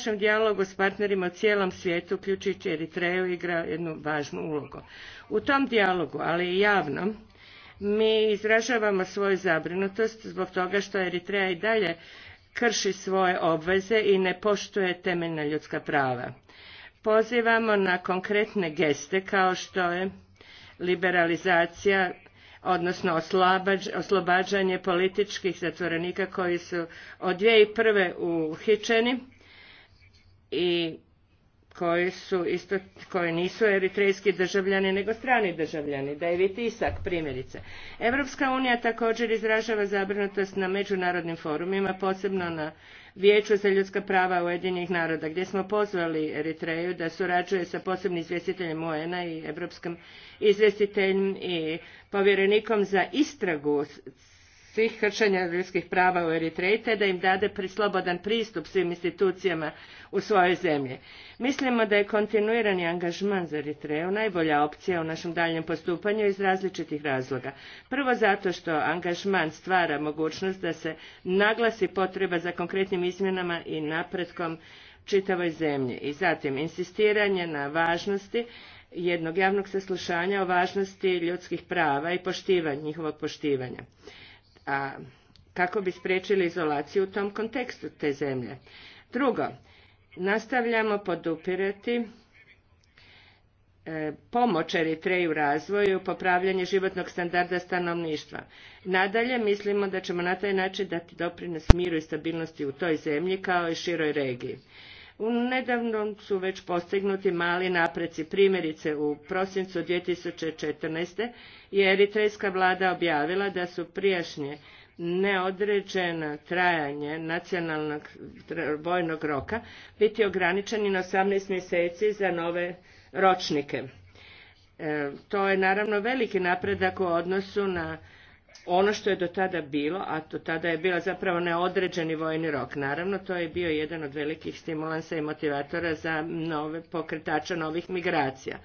našem dijalogu s partnerima u cijelom svijetu, uključujući Eritreju, igra jednu važnu ulogu. U tom dijalogu, ali i javno mi izražavamo svoju zabrinutost zbog toga što Eritreja i dalje krši svoje obveze i ne poštuje temeljna ljudska prava. Pozivamo na konkretne geste kao što je liberalizacija odnosno oslobađanje političkih zatvorenika koji su od dvije prve uhićeni i koji su koje nisu eritrejski državljani nego strani državljani, da je vitisak primjerice. Europska unija također izražava zabrinutost na međunarodnim forumima, posebno na Vijeću za ljudska prava Ujedinjenih naroda, gdje smo pozvali Eritreju da surađuje sa posebnim izvjestiteljem UN-a i Evropskim izvjestiteljem i povjerenikom za istragu svih kršenja ljudskih prava u Eritreji te da im dade slobodan pristup svim institucijama u svojoj zemlji. Mislimo da je kontinuirani angažman za Eritreju najbolja opcija u našem daljnjem postupanju iz različitih razloga. Prvo zato što angažman stvara mogućnost da se naglasi potreba za konkretnim izmjenama i napretkom čitavoj zemlji i zatim insistiranje na važnosti jednog javnog saslušanja o važnosti ljudskih prava i poštivanja, njihovog poštivanja a kako bi spriječili izolaciju u tom kontekstu te zemlje. Drugo, nastavljamo podupirati e, pomoć Eritreji u razvoju popravljanje životnog standarda stanovništva. Nadalje, mislimo da ćemo na taj način dati doprinos miru i stabilnosti u toj zemlji kao i široj regiji. Nedavno su već postignuti mali napreci primjerice u prosincu 2014. je eritrejska vlada objavila da su prijašnje neodređeno trajanje nacionalnog vojnog roka biti ograničeni na 18 mjeseci za nove ročnike. E, to je naravno veliki napredak u odnosu na ono što je do tada bilo, a do tada je bila zapravo neodređeni vojni rok. Naravno, to je bio jedan od velikih stimulansa i motivatora za nove pokretača novih migracija.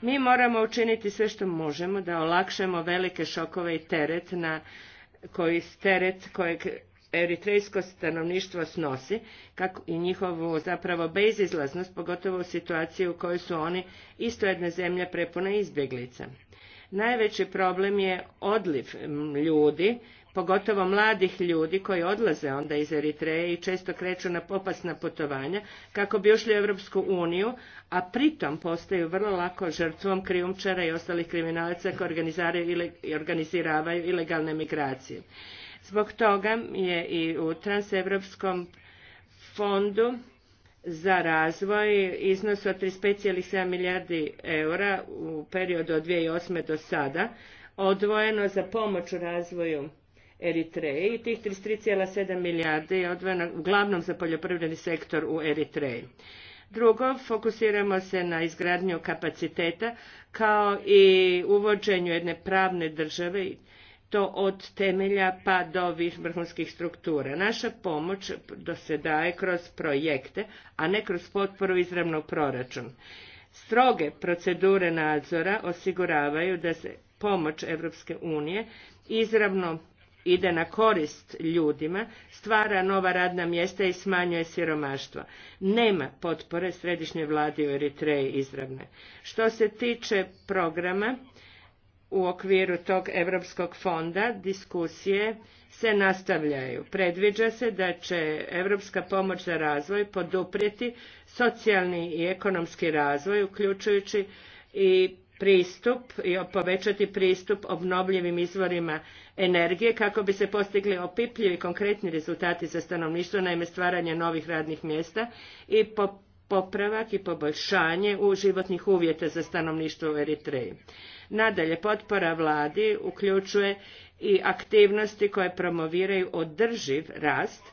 Mi moramo učiniti sve što možemo da olakšamo velike šokove i teret na koji teret kojeg eritrejsko stanovništvo snosi kako i njihovu zapravo bezizlaznost, pogotovo u situaciji u kojoj su oni isto jedne zemlje prepune izbjeglica. Najveći problem je odliv ljudi, pogotovo mladih ljudi koji odlaze onda iz Eritreje i često kreću na opasna putovanja kako bi ušli u Europsku uniju, a pritom postaju vrlo lako žrtvom krijumčara i ostalih kriminalaca koji organiziravaju ilegalne migracije. Zbog toga je i u transeuropskom fondu za razvoj iznos od 35,7 milijardi eura u periodu od 2008. do sada, odvojeno za pomoć u razvoju Eritreji i tih 33,7 milijardi je odvojeno uglavnom za poljoprivredni sektor u Eritreji. Drugo, fokusiramo se na izgradnju kapaciteta kao i uvođenju jedne pravne države to od temelja pa do vrhunskih struktura. Naša pomoć do se daje kroz projekte, a ne kroz potporu izravno proračun. Stroge procedure nadzora osiguravaju da se pomoć Europske unije izravno ide na korist ljudima, stvara nova radna mjesta i smanjuje siromaštvo. Nema potpore središnje vladi u Eritreji izravne. Što se tiče programa, u okviru tog Europskog fonda diskusije se nastavljaju. Predviđa se da će Europska pomoć za razvoj poduprijeti socijalni i ekonomski razvoj, uključujući i pristup i povećati pristup obnovljivim izvorima energije kako bi se postigli opipljivi konkretni rezultati za stanovništvo, naime stvaranje novih radnih mjesta i po popravak i poboljšanje u životnih uvjeta za stanovništvo u Eritreji. Nadalje, potpora vladi uključuje i aktivnosti koje promoviraju održiv rast,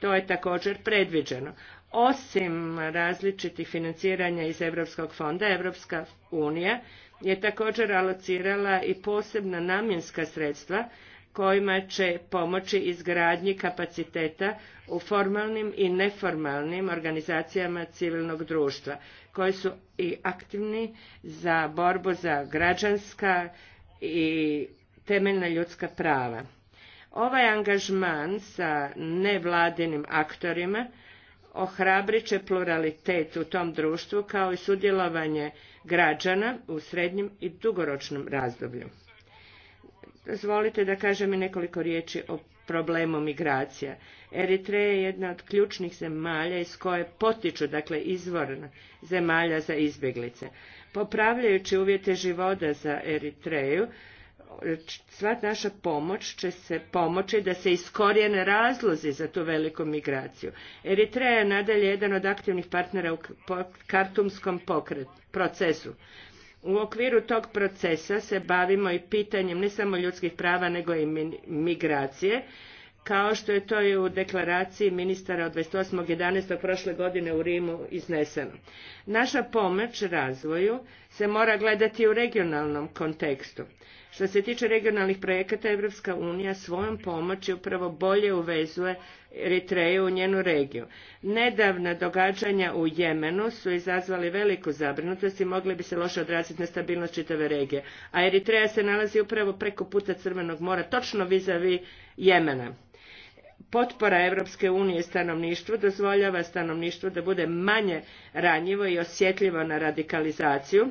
to je također predviđeno. Osim različitih financiranja iz Europskog fonda, Europska unija je također alocirala i posebna namjenska sredstva kojima će pomoći izgradnji kapaciteta u formalnim i neformalnim organizacijama civilnog društva koji su i aktivni za borbu za građanska i temeljna ljudska prava. Ovaj angažman sa nevladinim aktorima ohrabrit će pluralitet u tom društvu kao i sudjelovanje građana u srednjem i dugoročnom razdoblju. Dozvolite da kažem i nekoliko riječi o problemu migracija. Eritreja je jedna od ključnih zemalja iz koje potiču, dakle izvor zemalja za izbjeglice. Popravljajući uvjete života za Eritreju, sva naša pomoć će se pomoći da se iskorijene razlozi za tu veliku migraciju. Eritreja je nadalje jedan od aktivnih partnera u kartumskom procesu. U okviru tog procesa se bavimo i pitanjem ne samo ljudskih prava nego i migracije, kao što je to i u deklaraciji ministara od 28.11. prošle godine u Rimu izneseno. Naša pomoć razvoju se mora gledati u regionalnom kontekstu. Što se tiče regionalnih projekata, Evropska unija svojom pomoći upravo bolje uvezuje Eritreju u njenu regiju. Nedavna događanja u Jemenu su izazvali veliku zabrinutost i mogli bi se loše odraziti na stabilnost čitave regije. A Eritreja se nalazi upravo preko puta Crvenog mora, točno vizavi Jemena potpora europske unije stanovništvu dozvoljava stanovništvu da bude manje ranjivo i osjetljivo na radikalizaciju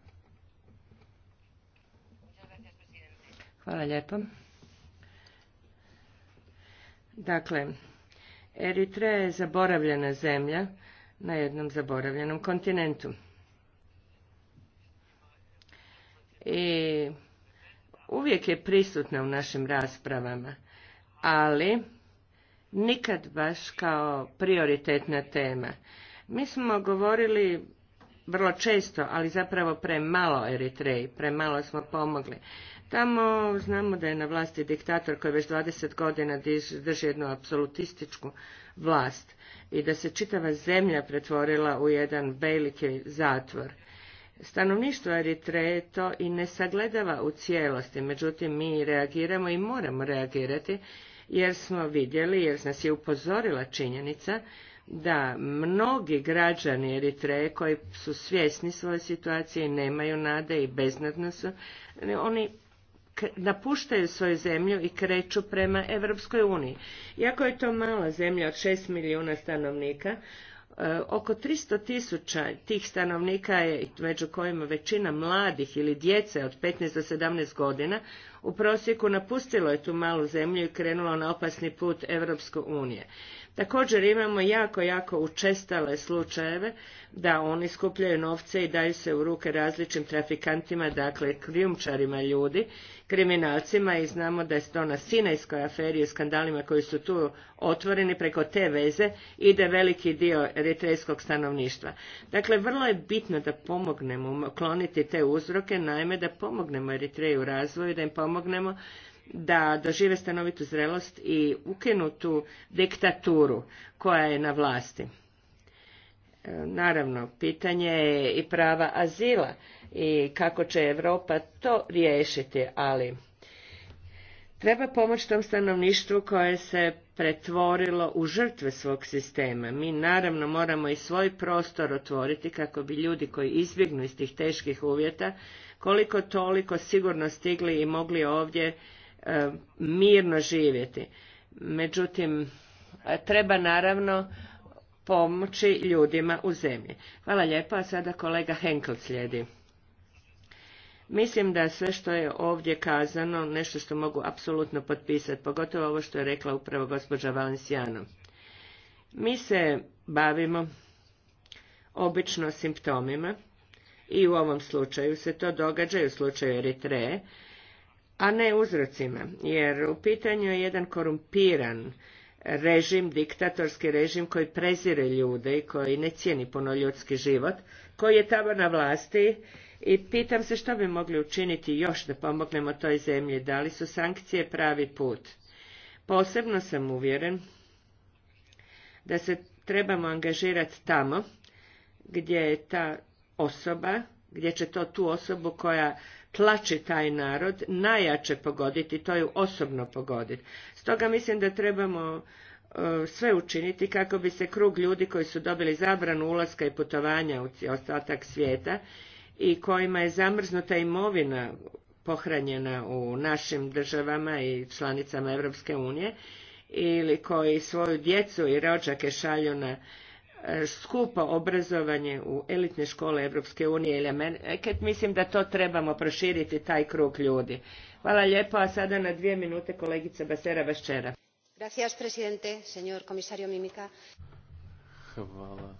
Hvala lijepo. Dakle, Eritreja je zaboravljena zemlja na jednom zaboravljenom kontinentu. I uvijek je prisutna u našim raspravama, ali nikad baš kao prioritetna tema. Mi smo govorili vrlo često, ali zapravo premalo Eritreji, premalo smo pomogli. Tamo znamo da je na vlasti diktator koji već 20 godina drži jednu apsolutističku vlast i da se čitava zemlja pretvorila u jedan veliki zatvor. Stanovništvo Eritreje to i ne sagledava u cijelosti, međutim mi reagiramo i moramo reagirati jer smo vidjeli, jer nas je upozorila činjenica da mnogi građani Eritreje koji su svjesni svoje situacije i nemaju nade i beznadno su, oni napuštaju svoju zemlju i kreću prema Europskoj uniji. Iako je to mala zemlja od 6 milijuna stanovnika, e, oko 300 tisuća tih stanovnika je, među kojima većina mladih ili djece od 15 do 17 godina, u prosjeku napustilo je tu malu zemlju i krenulo na opasni put Europske unije. Također imamo jako, jako učestale slučajeve da oni skupljaju novce i daju se u ruke različitim trafikantima, dakle krijumčarima ljudi, kriminalcima i znamo da je to na Sinajskoj aferi i skandalima koji su tu otvoreni preko te veze ide veliki dio eritrejskog stanovništva. Dakle, vrlo je bitno da pomognemo ukloniti te uzroke, naime da pomognemo Eritreju u razvoju, da im pomognemo da dožive stanovitu zrelost i ukinutu diktaturu koja je na vlasti. E, naravno, pitanje je i prava azila i kako će Europa to riješiti, ali treba pomoć tom stanovništvu koje se pretvorilo u žrtve svog sistema. Mi naravno moramo i svoj prostor otvoriti kako bi ljudi koji izbjegnu iz tih teških uvjeta koliko toliko sigurno stigli i mogli ovdje E, mirno živjeti. Međutim, e, treba naravno pomoći ljudima u zemlji. Hvala lijepa. a sada kolega Henkel slijedi. Mislim da sve što je ovdje kazano, nešto što mogu apsolutno potpisati, pogotovo ovo što je rekla upravo gospođa Valencijano. Mi se bavimo obično simptomima i u ovom slučaju se to događa i u slučaju Eritreje, a ne uzrocima, jer u pitanju je jedan korumpiran režim, diktatorski režim koji prezire ljude i koji ne cijeni puno ljudski život, koji je tamo na vlasti i pitam se što bi mogli učiniti još da pomognemo toj zemlji, da li su sankcije pravi put. Posebno sam uvjeren da se trebamo angažirati tamo gdje je ta osoba, gdje će to tu osobu koja tlači taj narod najjače pogoditi, to je osobno pogoditi. Stoga mislim da trebamo e, sve učiniti kako bi se krug ljudi koji su dobili zabranu ulaska i putovanja u ostatak svijeta i kojima je zamrznuta imovina pohranjena u našim državama i članicama Europske unije ili koji svoju djecu i rođake šalju na skupo obrazovanje u elitne škole Europske unije ili Amerike, mislim da to trebamo proširiti taj krug ljudi. Hvala lijepo, a sada na dvije minute kolegica Basera Vaščera. Gracias, presidente, señor komisario Mimica. Hvala,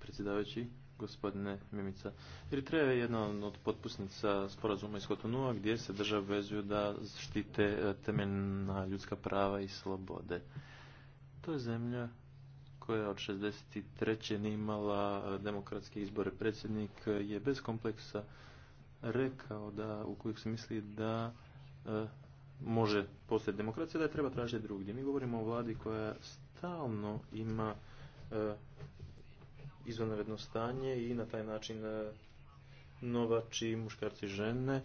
predsjedavajući, gospodine Mimica. Eritreja je jedna od potpisnica sporazuma iz Kotonua gdje se države vezuju da štite eh, temeljna ljudska prava i slobode. To je zemlja koja od 63. nije imala eh, demokratske izbore. Predsjednik eh, je bez kompleksa rekao da kojeg se misli da eh, može postati demokracija, da je treba tražiti drugdje. Mi govorimo o vladi koja stalno ima e, izvanredno stanje i na taj način e, novači muškarci žene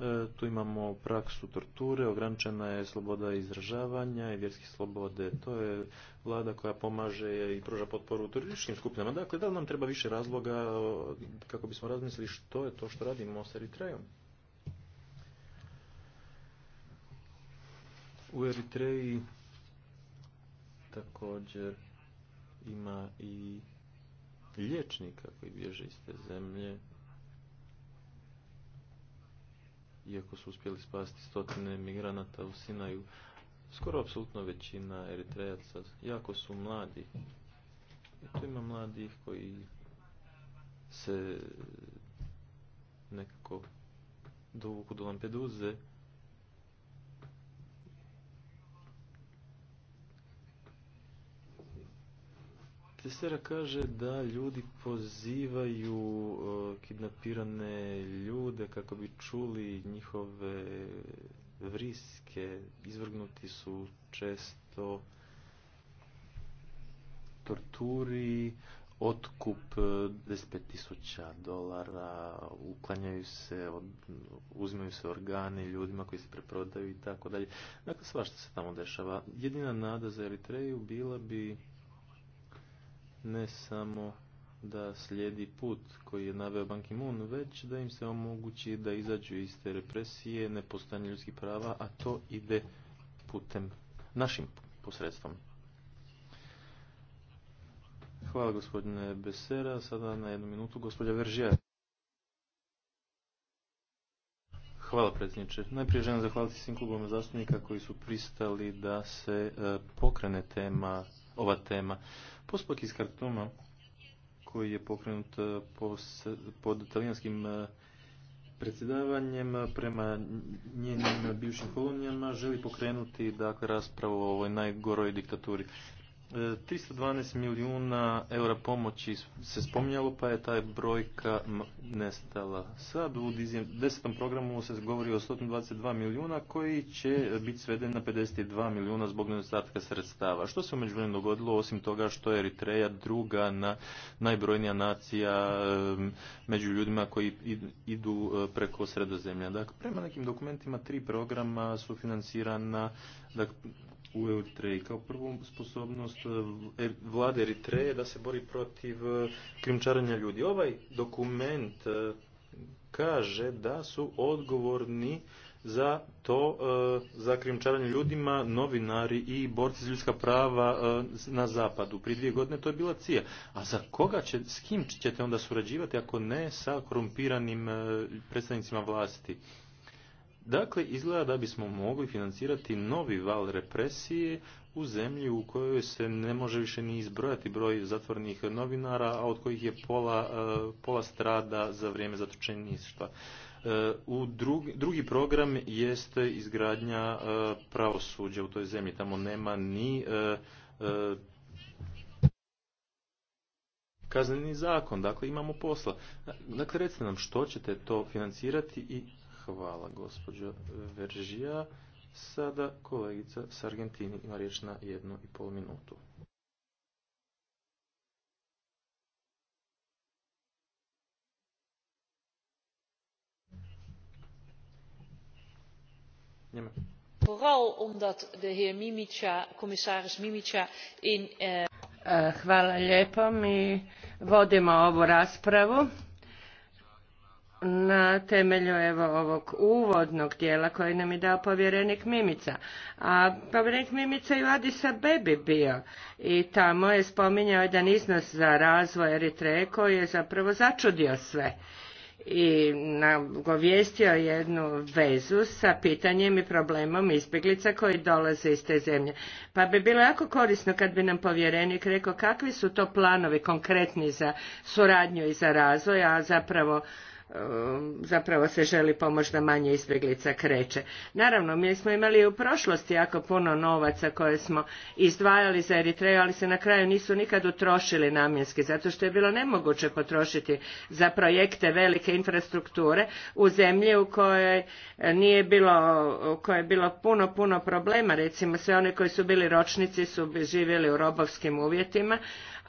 E, tu imamo praksu torture, ograničena je sloboda izražavanja i vjerske slobode. To je vlada koja pomaže i pruža potporu turističkim skupinama. Dakle, da li nam treba više razloga e, kako bismo razmislili što je to što radimo s Eritrejom? U Eritreji također ima i liječnika koji bježe iz te zemlje iako su uspjeli spasti stotine migranata u Sinaju, skoro apsolutno većina Eritrejaca, jako su mladi. Tu ima mladih koji se nekako dovuku do Lampeduze Tesera kaže da ljudi pozivaju kidnapirane ljude kako bi čuli njihove vriske. Izvrgnuti su često torturi, otkup 25.000 e, dolara, uklanjaju se, uzimaju se organi ljudima koji se preprodaju i tako dalje. Dakle, svašta se tamo dešava. Jedina nada za Eritreju bila bi ne samo da slijedi put koji je naveo Ban Ki-moon, već da im se omogući da izađu iz te represije, nepostojanje ljudskih prava, a to ide putem, našim posredstvom. Hvala gospodine Besera. Sada na jednu minutu gospođa Veržija. Hvala predsjedniče. Najprije želim zahvaliti svim klubovima zastupnika koji su pristali da se e, pokrene tema, ova tema. Postupak iz kartona koji je pokrenut eh, pod italijanskim eh, predsjedavanjem eh, prema njenim bivšim kolonijama želi pokrenuti dakle, raspravu o ovoj najgoroj diktaturi. 312 milijuna eura pomoći se spominjalo, pa je taj brojka nestala. Sad u desetom programu se govori o 122 milijuna koji će biti sveden na 52 milijuna zbog nedostatka sredstava. Što se umeđu dogodilo osim toga što je Eritreja druga na najbrojnija nacija među ljudima koji idu e, preko sredozemlja. Dakle, prema nekim dokumentima tri programa su financirana dakle, u Eritreji. Kao prvu sposobnost e, er, vlade Eritreje da se bori protiv e, krimčaranja ljudi. Ovaj dokument e, kaže da su odgovorni za to, za krimčaranje ljudima, novinari i borci za ljudska prava na zapadu. Prije dvije godine to je bila cija. A za koga će, s kim ćete onda surađivati ako ne sa korumpiranim predstavnicima vlasti? Dakle, izgleda da bismo mogli financirati novi val represije u zemlji u kojoj se ne može više ni izbrojati broj zatvornih novinara, a od kojih je pola, e, pola strada za vrijeme zatočenjstva. E, u drugi, drugi program jest izgradnja e, pravosuđa u toj zemlji. Tamo nema ni kazneni zakon, dakle imamo posla. Dakle, recite nam što ćete to financirati i Hvala gospođo Veržija. Sada kolegica s Argentini ima riječ na jednu i pol minutu. Njema. Vooral omdat de heer Mimica, commissaris in... Eh, eh, hvala lijepo. Mi vodimo ovu raspravu na temelju evo ovog uvodnog dijela koji nam je dao povjerenik Mimica. A povjerenik Mimica i u Addis Abebi bio i tamo je spominjao jedan iznos za razvoj Eritreje koji je zapravo začudio sve i nagovijestio jednu vezu sa pitanjem i problemom izbjeglica koji dolaze iz te zemlje. Pa bi bilo jako korisno kad bi nam povjerenik rekao kakvi su to planovi konkretni za suradnju i za razvoj, a zapravo Um, zapravo se želi pomoći da manje izbjeglica kreće. Naravno, mi smo imali u prošlosti jako puno novaca koje smo izdvajali za Eritreju, ali se na kraju nisu nikad utrošili namjenski, zato što je bilo nemoguće potrošiti za projekte velike infrastrukture u zemlji u kojoj nije bilo, koje je bilo puno, puno problema. Recimo, sve one koji su bili ročnici su živjeli u robovskim uvjetima,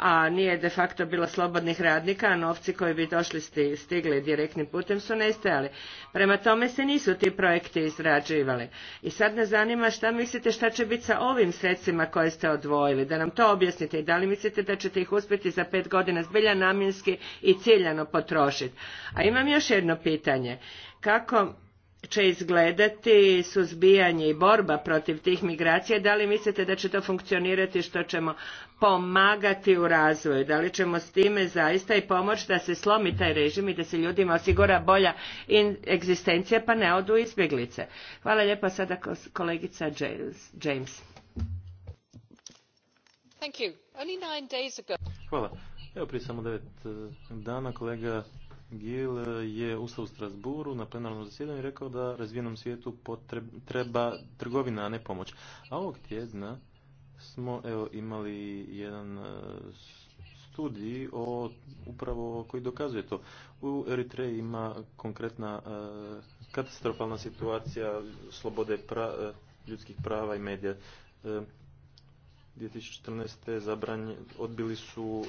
a nije de facto bilo slobodnih radnika, a novci koji bi došli stigli direktnim putem su nestajali. Prema tome se nisu ti projekti izrađivali. I sad me zanima šta mislite šta će biti sa ovim sredstvima koje ste odvojili, da nam to objasnite i da li mislite da ćete ih uspjeti za pet godina zbilja namjenski i ciljano potrošiti. A imam još jedno pitanje. Kako će izgledati suzbijanje i borba protiv tih migracija da li mislite da će to funkcionirati što ćemo pomagati u razvoju, da li ćemo s time zaista i pomoći da se slomi taj režim i da se ljudima osigura bolja egzistencija pa ne odu izbjeglice. Hvala lijepa sada kolegica James. Hvala. Evo prije samo devet e, dana kolega Gil e, je ustao u Strasburu na plenarnom zasjedanju i rekao da razvijenom svijetu treba trgovina, a ne pomoć. A ovog tjedna smo evo, imali jedan e, studij o, upravo koji dokazuje to. U Eritreji ima konkretna e, katastrofalna situacija slobode e, ljudskih prava i medija. 2014. zabranje odbili su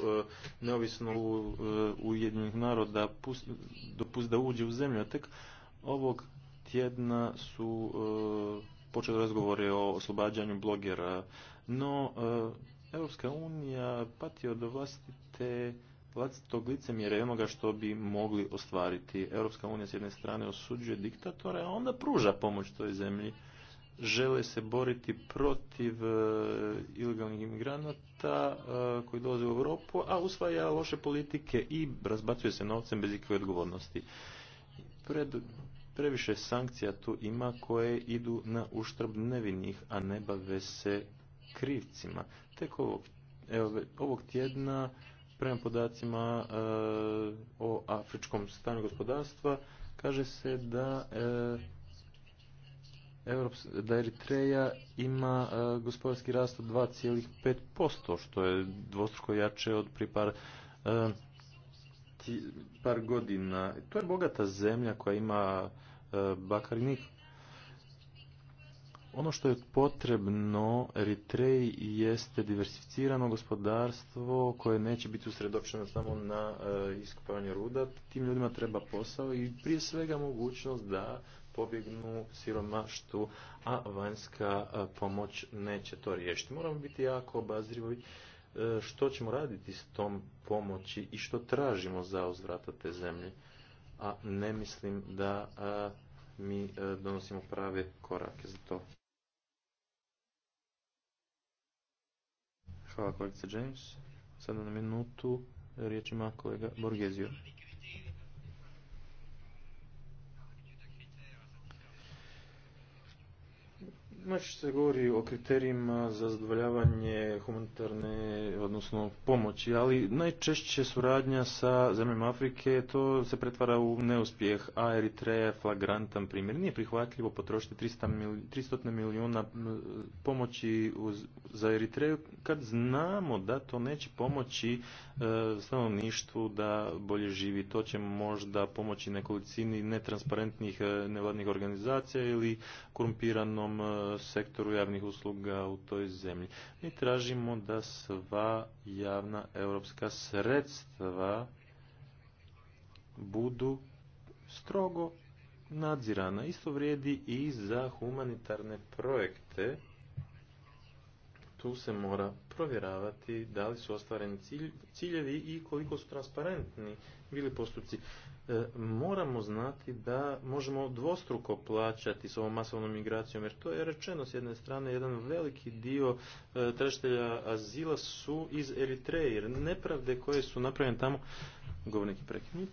neovisno u Ujedinjenih naroda pust, dopust da uđe u zemlju, a tek ovog tjedna su počeli razgovore o oslobađanju blogera no, eh, Europska unija pati od vlastite vlastitog licemjera onoga što bi mogli ostvariti. Europska unija s jedne strane osuđuje diktatore, a onda pruža pomoć toj zemlji. Žele se boriti protiv eh, ilegalnih imigranata eh, koji dolaze u Europu, a usvaja loše politike i razbacuje se novcem bez ikakve odgovornosti. previše sankcija tu ima koje idu na uštrb nevinih, a ne bave se krivcima. Tek ovog, evo, ovog tjedna prema podacima e, o afričkom stanju gospodarstva kaže se da e, da Eritreja ima e, gospodarski rast od 2,5%, što je dvostruko jače od prije e, par, godina. To je bogata zemlja koja ima bakar ono što je potrebno Eritreji jeste diversificirano gospodarstvo koje neće biti usredočeno samo na e, iskupavanje ruda. Tim ljudima treba posao i prije svega mogućnost da pobjegnu siromaštu, a vanjska e, pomoć neće to riješiti. Moramo biti jako obazrivi e, što ćemo raditi s tom pomoći i što tražimo za uzvrata te zemlje. A ne mislim da mi donosimo prave korake za to. Hvala kolegice James. Sada na minutu riječ ima kolega Borgezio. Znači se govori o kriterijima za zadovoljavanje humanitarne, odnosno pomoći, ali najčešće suradnja sa zemljama Afrike, to se pretvara u neuspjeh, a Eritreja flagrantan primjer. Nije prihvatljivo potrošiti 300, mil, 300 milijuna pomoći uz, za Eritreju, kad znamo da to neće pomoći e, stanovništvu da bolje živi. To će možda pomoći nekolicini netransparentnih e, nevladnih organizacija ili korumpiranom e, sektoru javnih usluga u toj zemlji. Mi tražimo da sva javna europska sredstva budu strogo nadzirana. Isto vrijedi i za humanitarne projekte. Tu se mora provjeravati da li su ostvareni ciljevi i koliko su transparentni bili postupci. E, moramo znati da možemo dvostruko plaćati s ovom masovnom migracijom, jer to je rečeno s jedne strane, jedan veliki dio e, tražitelja azila su iz Eritreje, jer nepravde koje su napravljene tamo, govornik je prekinut.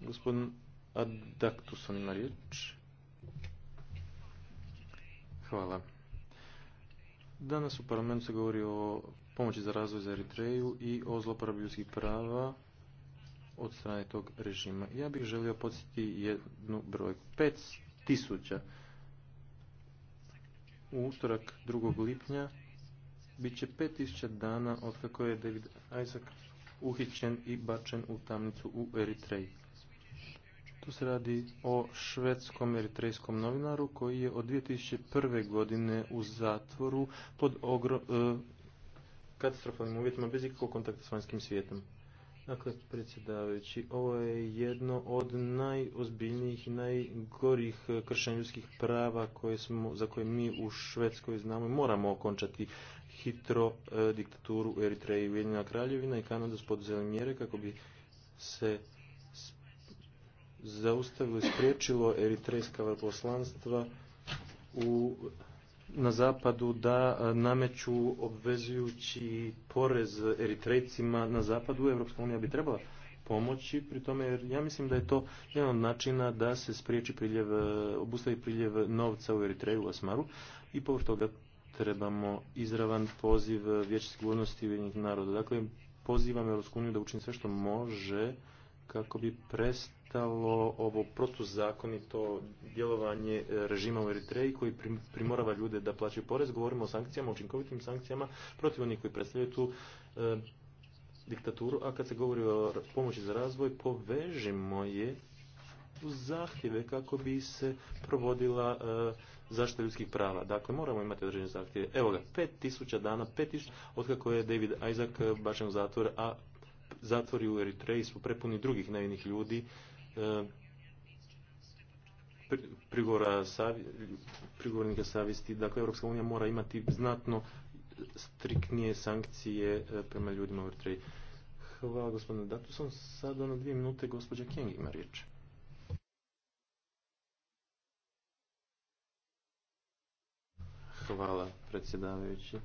Gospodin ima riječ. Hvala. Danas u parlamentu se govori o pomoći za razvoj za Eritreju i o zloporabi ljudskih prava od strane tog režima. Ja bih želio podsjetiti jednu brojku. tisuća. u utorak 2. lipnja bit će tisuća dana otkako je David Isaac uhićen i bačen u tamnicu u Eritreji. Tu se radi o švedskom eritrejskom novinaru koji je od 2001. godine u zatvoru pod ogrom. E, katastrofalnim uvjetima bez ikakvog kontakta s vanjskim svijetom. Dakle, predsjedavajući, ovo je jedno od najozbiljnijih i najgorih kršenja ljudskih prava koje smo, za koje mi u Švedskoj znamo i moramo okončati hitro e, diktaturu u Eritreji. Ujedinjena kraljevina i Kanada su poduzeli mjere kako bi se zaustavilo i spriječilo eritrejska poslanstva u na zapadu da e, nameću obvezujući porez eritrejcima na zapadu, Evropska unija bi trebala pomoći pri tome, jer ja mislim da je to jedan od načina da se spriječi priljev, e, obustavi priljev novca u Eritreju u Asmaru i povr toga trebamo izravan poziv vijeće sigurnosti Ujedinjenih naroda. Dakle, pozivam Europsku uniju da učini sve što može kako bi prestalo ovo protuzakonito djelovanje e, režima u Eritreji koji primorava ljude da plaćaju porez. Govorimo o sankcijama, učinkovitim sankcijama protiv onih koji predstavljaju tu e, diktaturu, a kad se govori o pomoći za razvoj, povežimo je u zahtjeve kako bi se provodila e, zaštita ljudskih prava. Dakle, moramo imati određene zahtjeve. Evo ga, 5000 dana, 5000, otkako je David Isaac bačen u zatvor, a zatvori u Eritreji su prepuni drugih nevinih ljudi, e, prigora prigovornika savjesti. Dakle, Europska unija mora imati znatno striktnije sankcije e, prema ljudima u Eritreji. Hvala gospodine Datuson. Sada na ono dvije minute gospođa Kjeng ima riječ. Hvala predsjedavajući.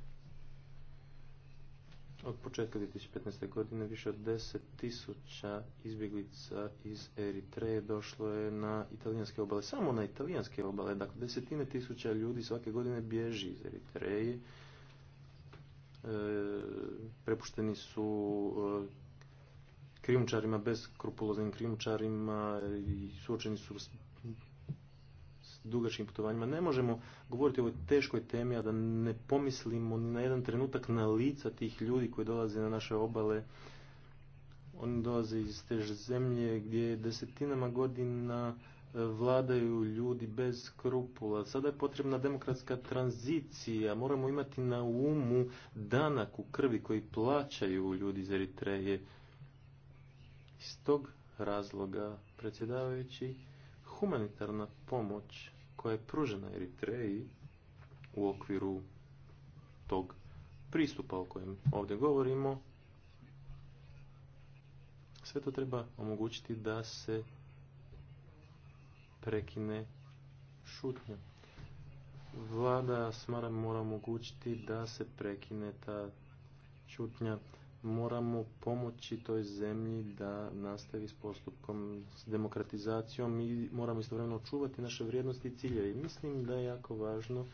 Od početka 2015. godine više od 10.000 izbjeglica iz Eritreje došlo je na italijanske obale. Samo na italijanske obale. Dakle, desetine tisuća ljudi svake godine bježi iz Eritreje. E, prepušteni su e, bez beskrupuloznim krijumčarima i suočeni su dugačkim putovanjima. Ne možemo govoriti o ovoj teškoj temi, a da ne pomislimo ni na jedan trenutak na lica tih ljudi koji dolaze na naše obale. Oni dolaze iz teže zemlje gdje desetinama godina e, vladaju ljudi bez skrupula. Sada je potrebna demokratska tranzicija. Moramo imati na umu danak u krvi koji plaćaju ljudi iz Eritreje. Iz tog razloga, predsjedavajući, humanitarna pomoć koja je pružena Eritreji u okviru tog pristupa o kojem ovdje govorimo, sve to treba omogućiti da se prekine šutnja. Vlada smara mora omogućiti da se prekine ta šutnja moramo pomoći toj zemlji da nastavi s postupkom, s demokratizacijom i moramo istovremeno čuvati naše vrijednosti i ciljeve. Mislim da je jako važno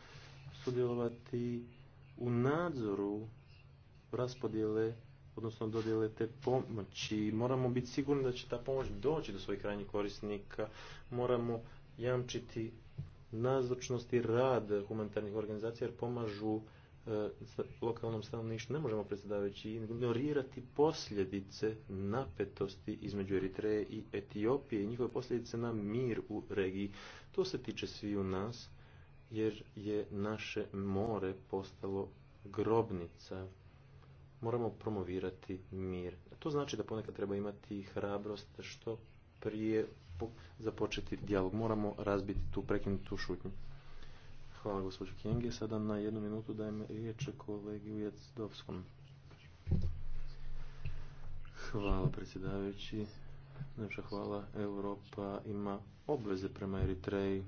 sudjelovati u nadzoru raspodjele odnosno dodjele te pomoći. Moramo biti sigurni da će ta pomoć doći do svojih krajnjih korisnika. Moramo jamčiti nazočnost i rad humanitarnih organizacija jer pomažu E, lokalnom stanovništvu. Ne možemo predsjedavajući ignorirati posljedice napetosti između Eritreje i Etiopije i njihove posljedice na mir u regiji. To se tiče svi u nas jer je naše more postalo grobnica. Moramo promovirati mir. To znači da ponekad treba imati hrabrost što prije započeti dijalog. Moramo razbiti tu prekinutu šutnju. Hvala gospođo Kengi, Sada na jednu minutu dajem riječ kolegi Ujecdovskom. Hvala predsjedavajući. Najpša hvala. Europa ima obveze prema Eritreji.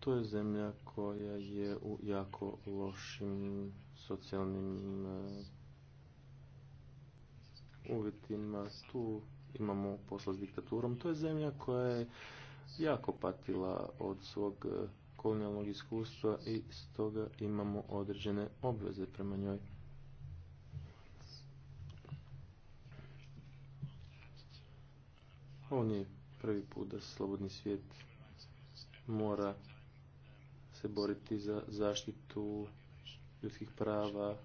To je zemlja koja je u jako lošim socijalnim eh, uvjetima. Tu imamo posla s diktaturom. To je zemlja koja je jako patila od svog e, kolonijalnog iskustva i stoga imamo određene obveze prema njoj. Ovo nije prvi put da slobodni svijet mora se boriti za zaštitu ljudskih prava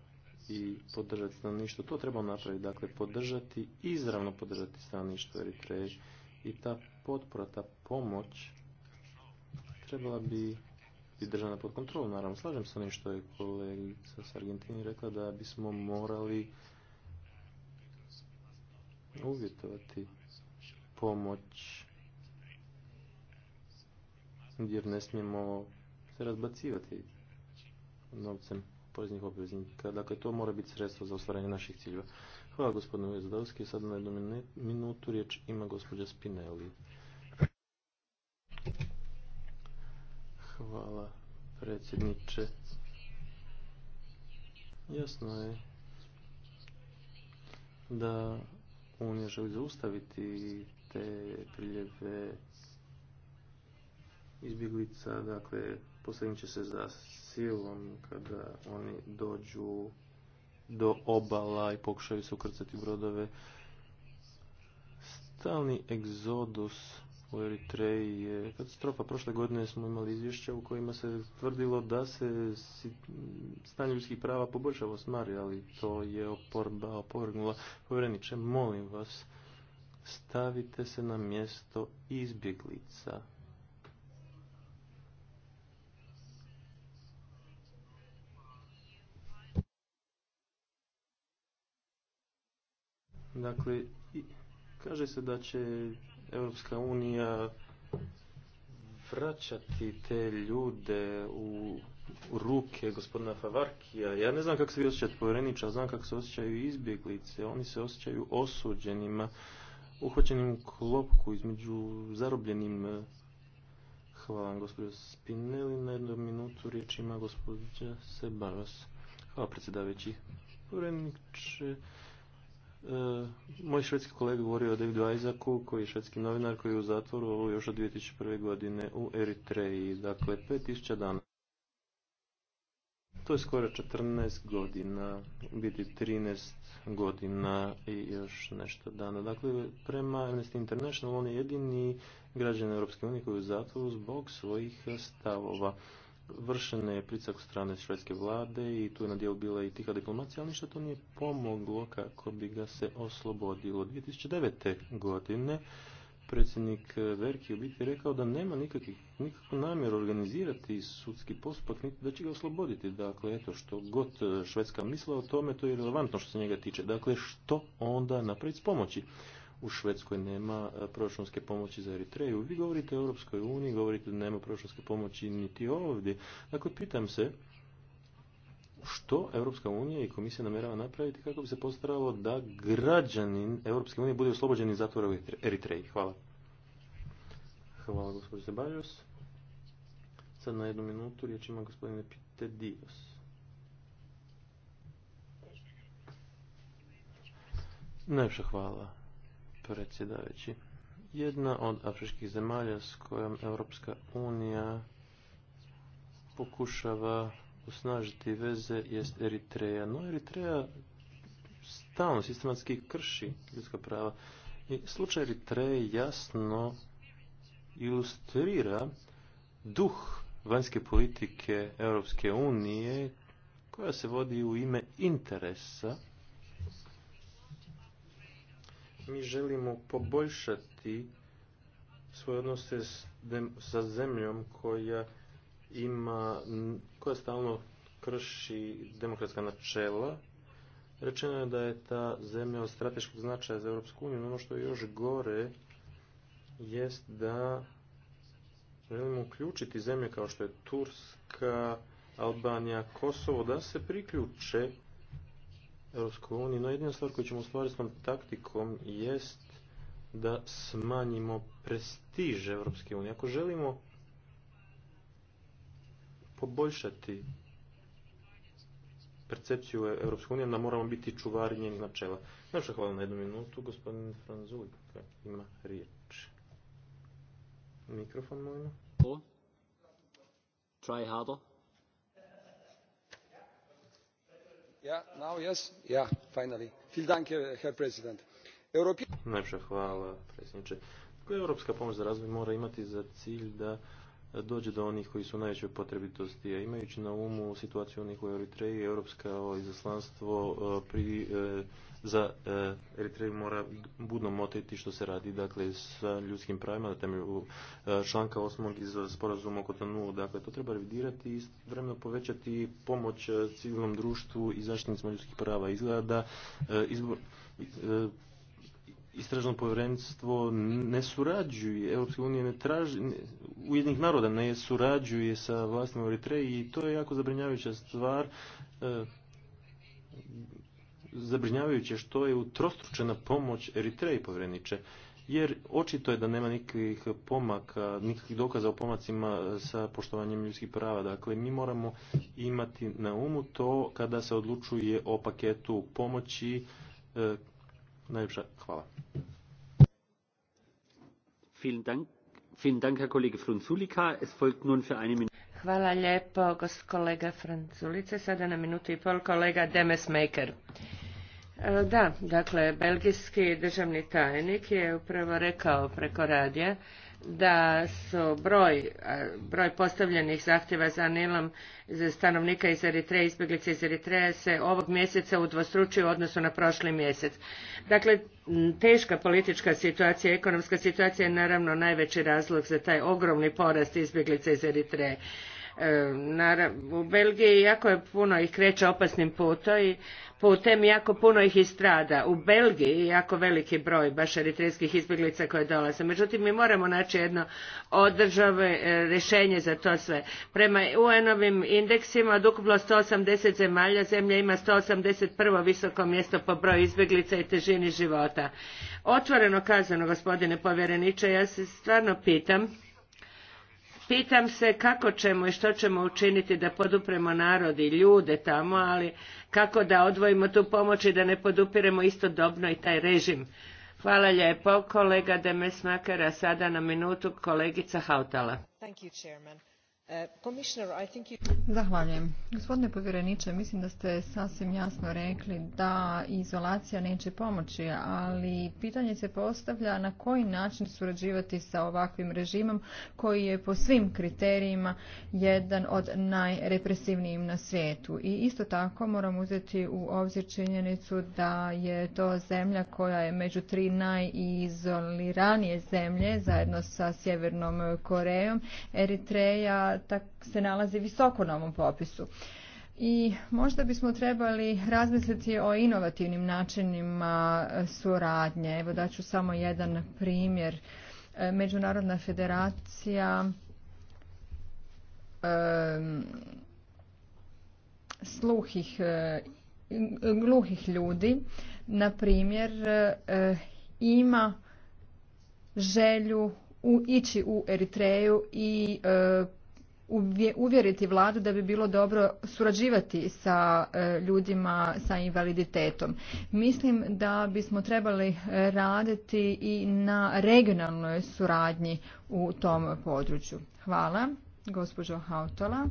i podržati stanovništvo. To treba napraviti, dakle podržati, izravno podržati stanovništvo Eritreje i ta potpora, ta pomoć trebala bi biti držana pod kontrolom. Naravno, slažem se onim što je kolegica s Argentini rekla da bismo morali uvjetovati pomoć jer ne smijemo se razbacivati novcem poreznih obveznika. Dakle, to mora biti sredstvo za ostvarenje naših ciljeva. Hvala gospodinu Vezdavski. Sad na jednu minutu riječ ima gospođa Spinelli. Hvala predsjedniče. Jasno je da Unija želi zaustaviti te priljeve izbjeglica, dakle, posljednji će se za silom kada oni dođu do obala i pokušaju se ukrcati brodove. Stalni egzodus u Eritreji je katastrofa. Prošle godine smo imali izvješća u kojima se tvrdilo da se stanje ljudskih prava poboljšava s Smari, ali to je oporba opovrgnula. Povjereniče, molim vas, stavite se na mjesto izbjeglica. Dakle, kaže se da će Europska unija vraćati te ljude u ruke gospodina Favarkija. Ja ne znam kako se vi osjećate povjereniča, znam kako se osjećaju izbjeglice. Oni se osjećaju osuđenima, uhvaćenim u klopku između zarobljenim. Hvala vam, gospođo Spinelli. Na jednu minutu riječ ima gospođa Sebaros. Hvala predsjedavajući. Povjereniče, E, moj švedski kolega govorio o Davidu Ajzaku, koji je švedski novinar koji je u zatvoru još od 2001. godine u Eritreji, dakle 5000 dana. To je skoro 14 godina, biti 13 godina i još nešto dana. Dakle, prema Amnesty International on je jedini građan Europske unije koji je u zatvoru zbog svojih stavova. Vršen je pricak strane švedske vlade i tu je na dijelu bila i tiha diplomacija, ali ništa to nije pomoglo kako bi ga se oslobodilo. 2009. godine predsjednik Verki u biti rekao da nema nikakvih, nikakvu namjeru organizirati sudski postupak, niti da će ga osloboditi. Dakle, eto, što god Švedska misla o tome, to je relevantno što se njega tiče. Dakle, što onda napraviti s pomoći? u Švedskoj nema e, proračunske pomoći za Eritreju. Vi govorite o Europskoj uniji, govorite da nema proračunske pomoći niti ovdje. Dakle, pitam se što Europska unija i komisija namjerava napraviti kako bi se postaralo da građanin Europske unije bude oslobođen zatvora u Eritreji. Hvala. Hvala gospodine Zebaljos. Sad na jednu minutu riječ ima gospodine Dios. Najpša hvala predsjedavajući. Jedna od afričkih zemalja s kojom Europska unija pokušava osnažiti veze jest Eritreja. No Eritreja stalno sistematski krši ljudska prava. I slučaj Eritreje jasno ilustrira duh vanjske politike Europske unije koja se vodi u ime interesa mi želimo poboljšati svoje odnose sa zemljom koja ima, koja stalno krši demokratska načela. Rečeno je da je ta zemlja od strateškog značaja za Europsku uniju. Ono što je još gore jest da želimo uključiti zemlje kao što je Turska, Albanija, Kosovo, da se priključe Europskoj uniji, no jedina stvar koju ćemo stvari s tom taktikom jest da smanjimo prestiž Europske unije. Ako želimo poboljšati percepciju Europske unije, onda moramo biti čuvari njenih načela. hvala na jednu minutu, gospodin Franzulika ima riječ. Mikrofon mojno. Try harder. Ja, hvala, predsjedniče. Koja europska pomoć za razvoj mora imati za cilj da dođe do onih koji su najvećoj potrebitosti, a imajući na umu situaciju onih u Eritreji, europska izaslanstvo pri e, za e, Eritreju mora budno motriti što se radi dakle sa ljudskim pravima na temelju e, članka 8. iz sporazuma oko Tonu. Dakle, to treba revidirati i vremeno povećati pomoć e, civilnom društvu i zaštitnicima ljudskih prava. Izgleda da izbor, istražno povjerenstvo ne surađuje, europske unije ne traži, ujednih naroda ne surađuje sa vlastima Eritreji i to je jako zabrinjavajuća stvar zabrinjavajuće što je utrostručena pomoć Eritreji povredniče, jer očito je da nema nikakvih pomaka, nikakvih dokaza o pomacima sa poštovanjem ljudskih prava. Dakle, mi moramo imati na umu to kada se odlučuje o paketu pomoći. E, najljepša hvala. Hvala lijepo, kolega Franculice. Sada na minutu i pol kolega Demes Maker. E, da, dakle, belgijski državni tajnik je upravo rekao preko radija da su broj, e, broj postavljenih zahtjeva za anilom stanovnika iz Eritreje, izbjeglica iz Eritreje se ovog mjeseca udvostručio u odnosu na prošli mjesec. Dakle, teška politička situacija, ekonomska situacija je naravno najveći razlog za taj ogromni porast izbjeglica iz Eritreje. U Belgiji jako je puno ih kreće opasnim putom i putem jako puno ih istrada. U Belgiji jako veliki broj baš eritrijskih izbjeglica koje dolaze. Međutim, mi moramo naći jedno održave rješenje za to sve. Prema UN-ovim indeksima od ukupno 180 zemalja, zemlja ima 181. visoko mjesto po broju izbjeglica i težini života. Otvoreno kazano, gospodine povjereniče, ja se stvarno pitam pitam se kako ćemo i što ćemo učiniti da podupremo narod i ljude tamo ali kako da odvojimo tu pomoć i da ne podupiremo istodobno i taj režim hvala lijepo kolega demesmaker a sada na minutu kolegica hautala Uh, Zahvaljujem. Gospodine povjereniče, mislim da ste sasvim jasno rekli da izolacija neće pomoći, ali pitanje se postavlja na koji način surađivati sa ovakvim režimom koji je po svim kriterijima jedan od najrepresivnijim na svijetu. I isto tako moram uzeti u obzir činjenicu da je to zemlja koja je među tri najizoliranije zemlje zajedno sa Sjevernom Korejom, Eritreja, tak se nalazi visoko na ovom popisu. I možda bismo trebali razmisliti o inovativnim načinima e, suradnje. Evo ću samo jedan primjer. E, Međunarodna federacija e, sluhih gluhih ljudi na primjer ima želju ići u Eritreju i uvjeriti vladu da bi bilo dobro surađivati sa e, ljudima sa invaliditetom. Mislim da bismo trebali raditi i na regionalnoj suradnji u tom području. Hvala, gospođo Hautola.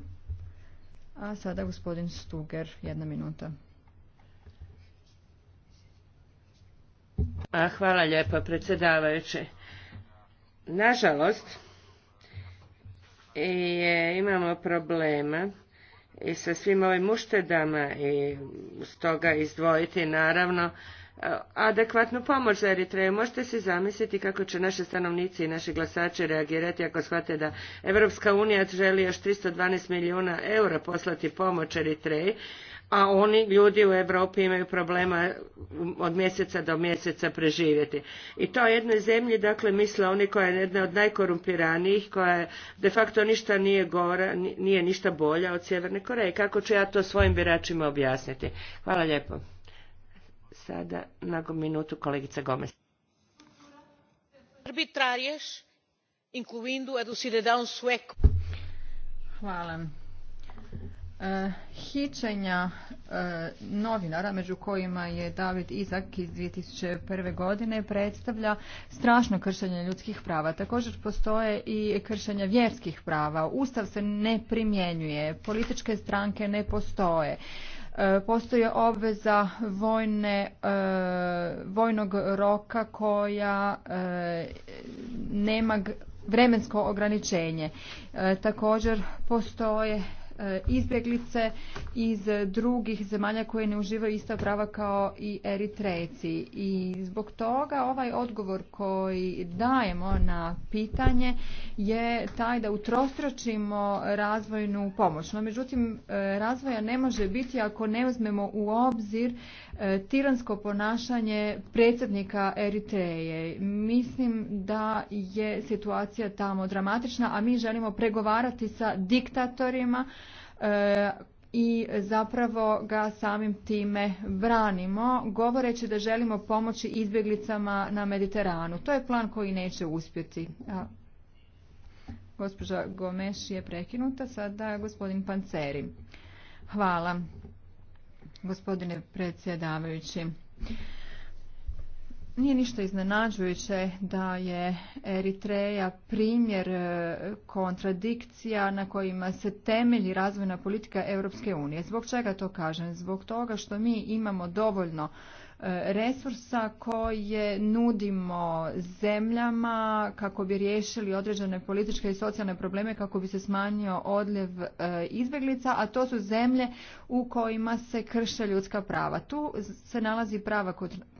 A sada gospodin Stuger, jedna minuta. Hvala lijepa, predsjedavajući. Nažalost, i e, imamo problema i sa svim ovim uštedama i stoga izdvojiti naravno e, adekvatnu pomoć za Eritreju. Možete si zamisliti kako će naše stanovnici i naši glasači reagirati ako shvate da Evropska unija želi još 312 milijuna eura poslati pomoć Eritreji, a oni ljudi u Europi imaju problema od mjeseca do mjeseca preživjeti. I to jednoj zemlji, dakle, misle oni koja je jedna od najkorumpiranijih, koja je de facto ništa nije gora, nije ništa bolja od Sjeverne Koreje. Kako ću ja to svojim biračima objasniti? Hvala lijepo. Sada na minutu kolegica Gomez. Hvala. E, hićenja e, novinara, među kojima je David Izak iz 2001. godine, predstavlja strašno kršenje ljudskih prava. Također postoje i kršenja vjerskih prava. Ustav se ne primjenjuje, političke stranke ne postoje. E, postoje obveza vojne, vojnog roka koja nema vremensko ograničenje. Također postoje E, izbjeglice iz drugih zemalja koje ne uživaju ista prava kao i eritreci. I zbog toga ovaj odgovor koji dajemo na pitanje je taj da utrostročimo razvojnu pomoć. No, međutim, e, razvoja ne može biti ako ne uzmemo u obzir e, tiransko ponašanje predsjednika Eritreje. Mislim da je situacija tamo dramatična, a mi želimo pregovarati sa diktatorima E, i zapravo ga samim time branimo govoreći da želimo pomoći izbjeglicama na Mediteranu. To je plan koji neće uspjeti. gospođa Gomeš je prekinuta, sada gospodin Panceri. Hvala, gospodine predsjedavajući. Nije ništa iznenađujuće da je Eritreja primjer e, kontradikcija na kojima se temelji razvojna politika Europske unije. Zbog čega to kažem? Zbog toga što mi imamo dovoljno resursa koje nudimo zemljama kako bi riješili određene političke i socijalne probleme kako bi se smanjio odljev e, izbjeglica, a to su zemlje u kojima se krše ljudska prava. Tu se nalazi prava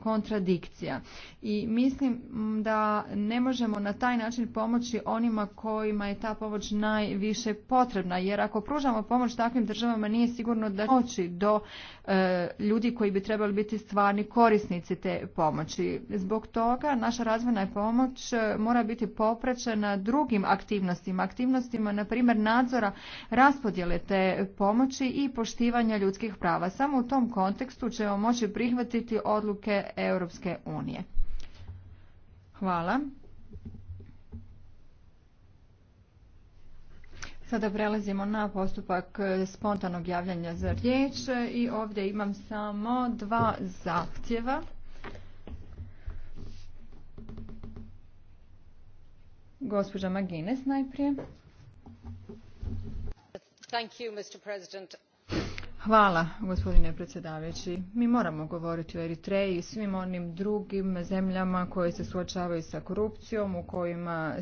kontradikcija i mislim da ne možemo na taj način pomoći onima kojima je ta pomoć najviše potrebna, jer ako pružamo pomoć takvim državama nije sigurno da će do E, ljudi koji bi trebali biti stvarni korisnici te pomoći. Zbog toga naša razvojna pomoć e, mora biti popraćena drugim aktivnostima, aktivnostima na primjer nadzora raspodjele te pomoći i poštivanja ljudskih prava. Samo u tom kontekstu ćemo moći prihvatiti odluke Europske unije. Hvala. Sada prelazimo na postupak e, spontanog javljanja za riječ i ovdje imam samo dva zahtjeva. Gospođa Magines najprije. Hvala, gospodine predsjedavajući. Mi moramo govoriti o Eritreji i svim onim drugim zemljama koje se suočavaju sa korupcijom, u kojima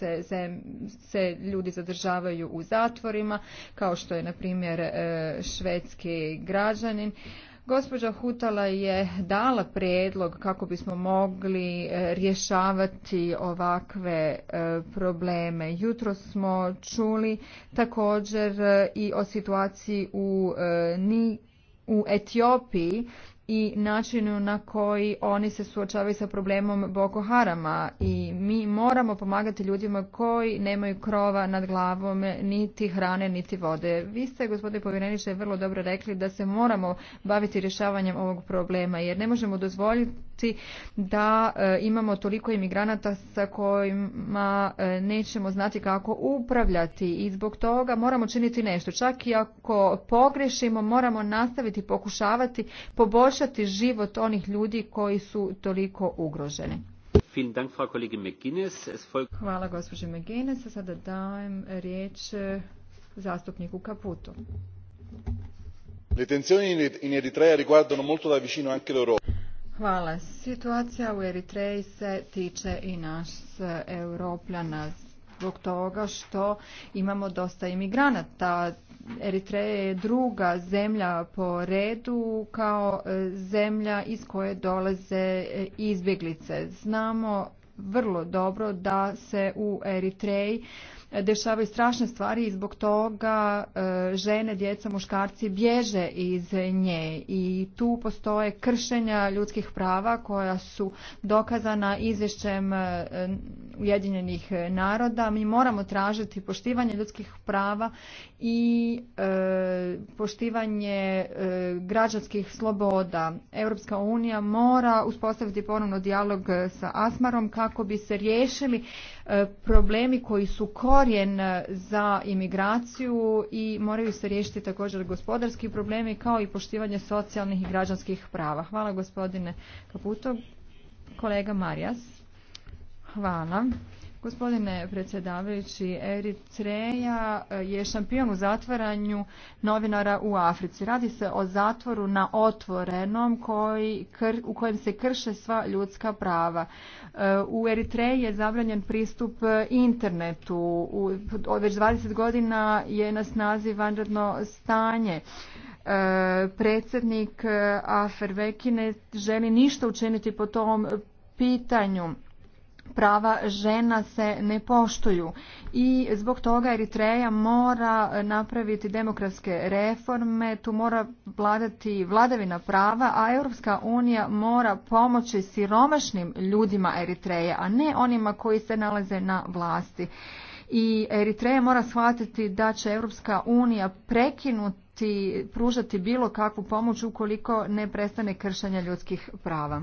se, se, ljudi zadržavaju u zatvorima, kao što je, na primjer, e, švedski građanin. Gospođa Hutala je dala prijedlog kako bismo mogli e, rješavati ovakve e, probleme. Jutro smo čuli također i o situaciji u, u Etiopiji i načinu na koji oni se suočavaju sa problemom Boko Harama i mi moramo pomagati ljudima koji nemaju krova nad glavom, niti hrane, niti vode. Vi ste, gospodine povjereniče, vrlo dobro rekli da se moramo baviti rješavanjem ovog problema jer ne možemo dozvoliti da e, imamo toliko imigranata sa kojima e, nećemo znati kako upravljati i zbog toga moramo činiti nešto. Čak i ako pogrešimo, moramo nastaviti pokušavati poboljšati olakšati život onih ljudi koji su toliko ugroženi. Hvala gospođe McGuinness. Sada dajem riječ eh, zastupniku Kaputu. Le tensioni in riguardano molto da vicino anche l'Europa. Hvala. Situacija u Eritreji se tiče i nas eh, europljana zbog toga što imamo dosta imigranata Eritreja je druga zemlja po redu kao e, zemlja iz koje dolaze e, izbjeglice. Znamo vrlo dobro da se u Eritreji dešavaju strašne stvari i zbog toga e, žene, djeca, muškarci bježe iz nje i tu postoje kršenja ljudskih prava koja su dokazana izvješćem e, Ujedinjenih naroda. Mi moramo tražiti poštivanje ljudskih prava i e, poštivanje građanskih sloboda. Europska unija mora uspostaviti ponovno dijalog sa Asmarom kako bi se riješili E, problemi koji su korijen e, za imigraciju i moraju se riješiti također gospodarski problemi kao i poštivanje socijalnih i građanskih prava. Hvala gospodine Kaputo. Kolega Marijas. Hvala. Gospodine predsjedavajući, Eritreja e, je šampion u zatvaranju novinara u Africi. Radi se o zatvoru na otvorenom koji, u kojem se krše sva ljudska prava. E, u Eritreji je zabranjen pristup internetu. Već 20 godina je na snazi vanredno stanje. E, predsjednik afer ne želi ništa učiniti po tom pitanju prava žena se ne poštuju i zbog toga Eritreja mora napraviti demokratske reforme, tu mora vladati vladavina prava, a Europska unija mora pomoći siromašnim ljudima Eritreje, a ne onima koji se nalaze na vlasti. I Eritreja mora shvatiti da će Europska unija prekinuti pružati bilo kakvu pomoć ukoliko ne prestane kršanja ljudskih prava.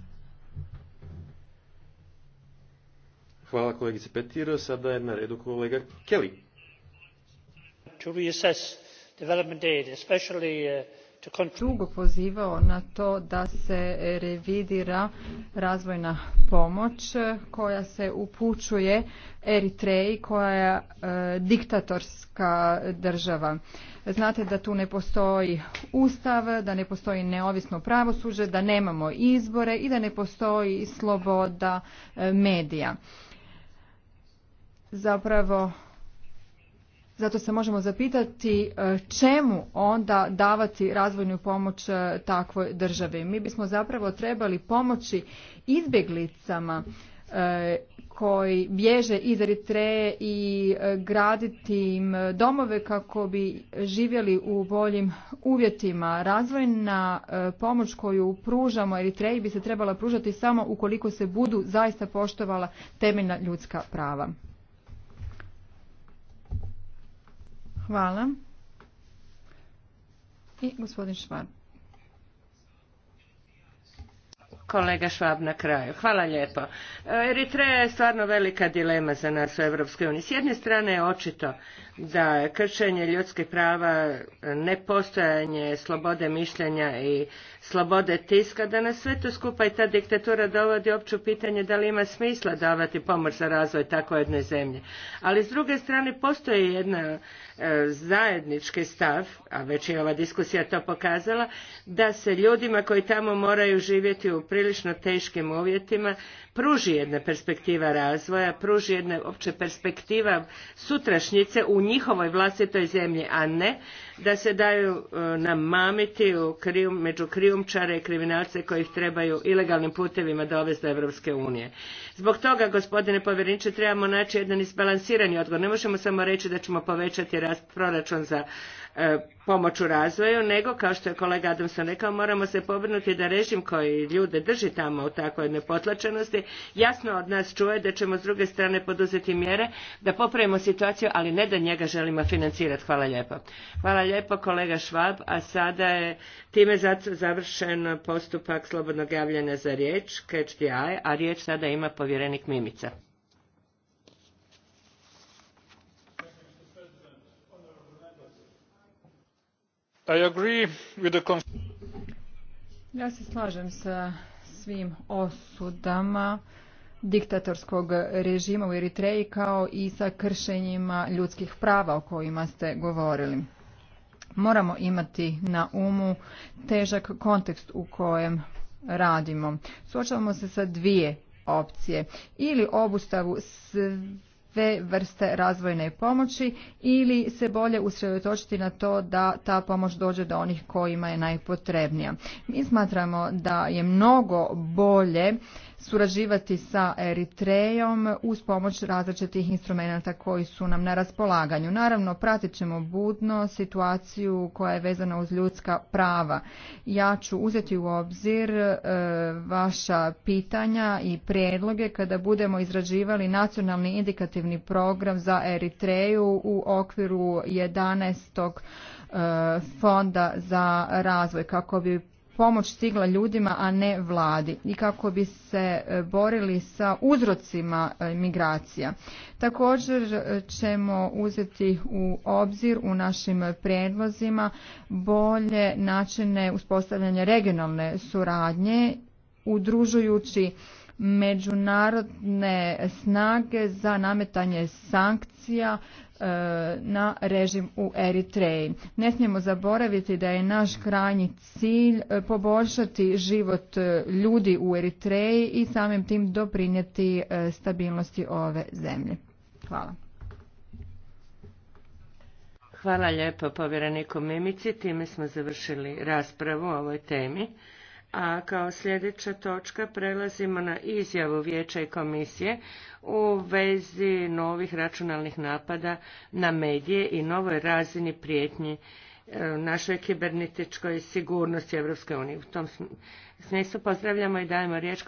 Hvala kolegice Petiro. Sada je na redu kolega Kelly. To uh, dugo pozivao na to da se revidira razvojna pomoć uh, koja se upućuje Eritreji koja je uh, diktatorska država. Znate da tu ne postoji ustav, da ne postoji neovisno pravosuđe, da nemamo izbore i da ne postoji sloboda medija zapravo zato se možemo zapitati e, čemu onda davati razvojnu pomoć e, takvoj državi. Mi bismo zapravo trebali pomoći izbjeglicama e, koji bježe iz Eritreje i graditi im domove kako bi živjeli u boljim uvjetima. Razvojna pomoć koju pružamo Eritreji bi se trebala pružati samo ukoliko se budu zaista poštovala temeljna ljudska prava. Hvala. I gospodin Švab. Kolega Švab na kraju. Hvala lijepo. Eritreja je stvarno velika dilema za nas u Europskoj uniji. S jedne strane je očito da je kršenje ljudskih prava, nepostojanje slobode mišljenja i slobode tiska, da nas sve to skupa i ta diktatura dovodi opće u pitanje da li ima smisla davati pomoć za razvoj tako jedne zemlje. Ali s druge strane postoji jedna e, zajednički stav, a već je ova diskusija to pokazala, da se ljudima koji tamo moraju živjeti u prilično teškim uvjetima pruži jedna perspektiva razvoja, pruži jedna opće perspektiva sutrašnjice u njihovoj vlastitoj zemlji, a ne da se daju e, namamiti u kriju, među krijumčare i kriminalce koji ih trebaju ilegalnim putevima dovesti do Europske unije. Zbog toga, gospodine povjereniče, trebamo naći jedan izbalansirani odgovor. Ne možemo samo reći da ćemo povećati rast proračun za E, pomoć u razvoju, nego kao što je kolega Adamson rekao, moramo se pobrinuti da režim koji ljude drži tamo u takvoj nepotlačenosti jasno od nas čuje da ćemo s druge strane poduzeti mjere da popravimo situaciju, ali ne da njega želimo financirati. Hvala lijepo. Hvala lijepo kolega Švab, a sada je time završen postupak slobodnog javljanja za riječ, catch the eye, a riječ sada ima povjerenik Mimica. Ja se slažem sa svim osudama diktatorskog režima u Eritreji kao i sa kršenjima ljudskih prava o kojima ste govorili. Moramo imati na umu težak kontekst u kojem radimo. Suočavamo se sa dvije opcije. Ili obustavu s te vrste razvojne pomoći ili se bolje usredotočiti na to da ta pomoć dođe do onih kojima je najpotrebnija. Mi smatramo da je mnogo bolje surađivati sa Eritrejom uz pomoć različitih instrumenta koji su nam na raspolaganju. Naravno, pratit ćemo budno situaciju koja je vezana uz ljudska prava. Ja ću uzeti u obzir e, vaša pitanja i prijedloge kada budemo izrađivali nacionalni indikativni program za Eritreju u okviru 11. E, fonda za razvoj kako bi pomoć stigla ljudima, a ne vladi i kako bi se e, borili sa uzrocima e, migracija. Također e, ćemo uzeti u obzir u našim prijedlozima bolje načine uspostavljanja regionalne suradnje udružujući međunarodne snage za nametanje sankcija e, na režim u Eritreji. Ne smijemo zaboraviti da je naš krajnji cilj e, poboljšati život e, ljudi u Eritreji i samim tim doprinijeti stabilnosti ove zemlje. Hvala. Hvala lijepo povjereniku Mimici. Time smo završili raspravu o ovoj temi. A kao sljedeća točka prelazimo na izjavu Vijeća i komisije u vezi novih računalnih napada na medije i novoj razini prijetnji e, našoj kibernetičkoj sigurnosti Europske unije. U tom smislu pozdravljamo i dajemo riječ